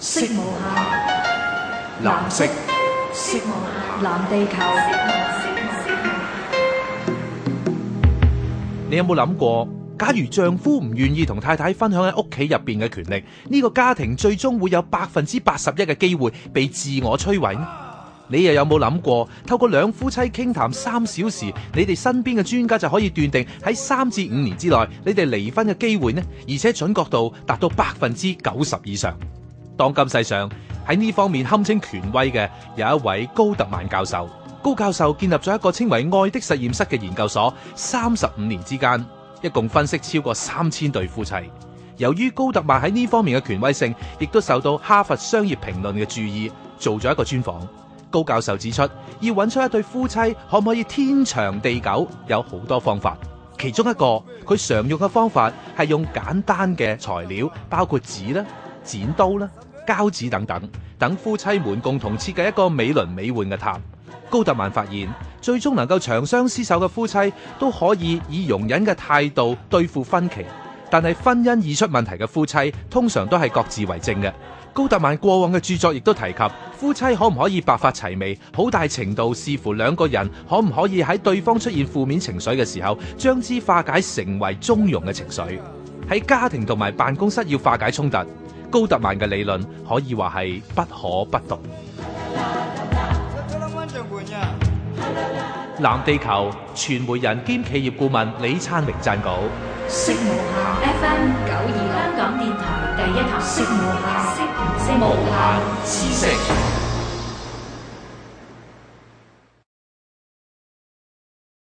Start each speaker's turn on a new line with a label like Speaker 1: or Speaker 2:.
Speaker 1: 色無限，藍色，色無限，藍地球。你有冇諗過？假如丈夫唔願意同太太分享喺屋企入邊嘅權力，呢個家庭最終會有百分之八十一嘅機會被自我摧毀呢？你又有冇諗過？透過兩夫妻傾談三小時，你哋身邊嘅專家就可以斷定喺三至五年之內，你哋離婚嘅機會呢？而且準確度達到百分之九十以上。當今世上喺呢方面堪稱權威嘅，有一位高特曼教授。高教授建立咗一個稱為《愛的實驗室》嘅研究所，三十五年之間，一共分析超過三千對夫妻。由於高特曼喺呢方面嘅權威性，亦都受到哈佛商業評論嘅注意，做咗一個專訪。高教授指出，要揾出一對夫妻可唔可以天長地久，有好多方法。其中一個佢常用嘅方法係用簡單嘅材料，包括紙啦、剪刀啦。膠紙等等，等夫妻們共同設計一個美輪美奐嘅塔。高特曼發現，最終能夠長相廝守嘅夫妻，都可以以容忍嘅態度對付分歧。但係婚姻已出問題嘅夫妻，通常都係各自為政嘅。高特曼過往嘅著作亦都提及，夫妻可唔可以白髮齊眉，好大程度視乎兩個人可唔可以喺對方出現負面情緒嘅時候，將之化解成為中庸嘅情緒。喺家庭同埋辦公室要化解衝突，高特曼嘅理論可以話係不可不讀。藍 地球，傳媒人兼企業顧問李燦榮撰稿。色色色 FM 92香港電台第一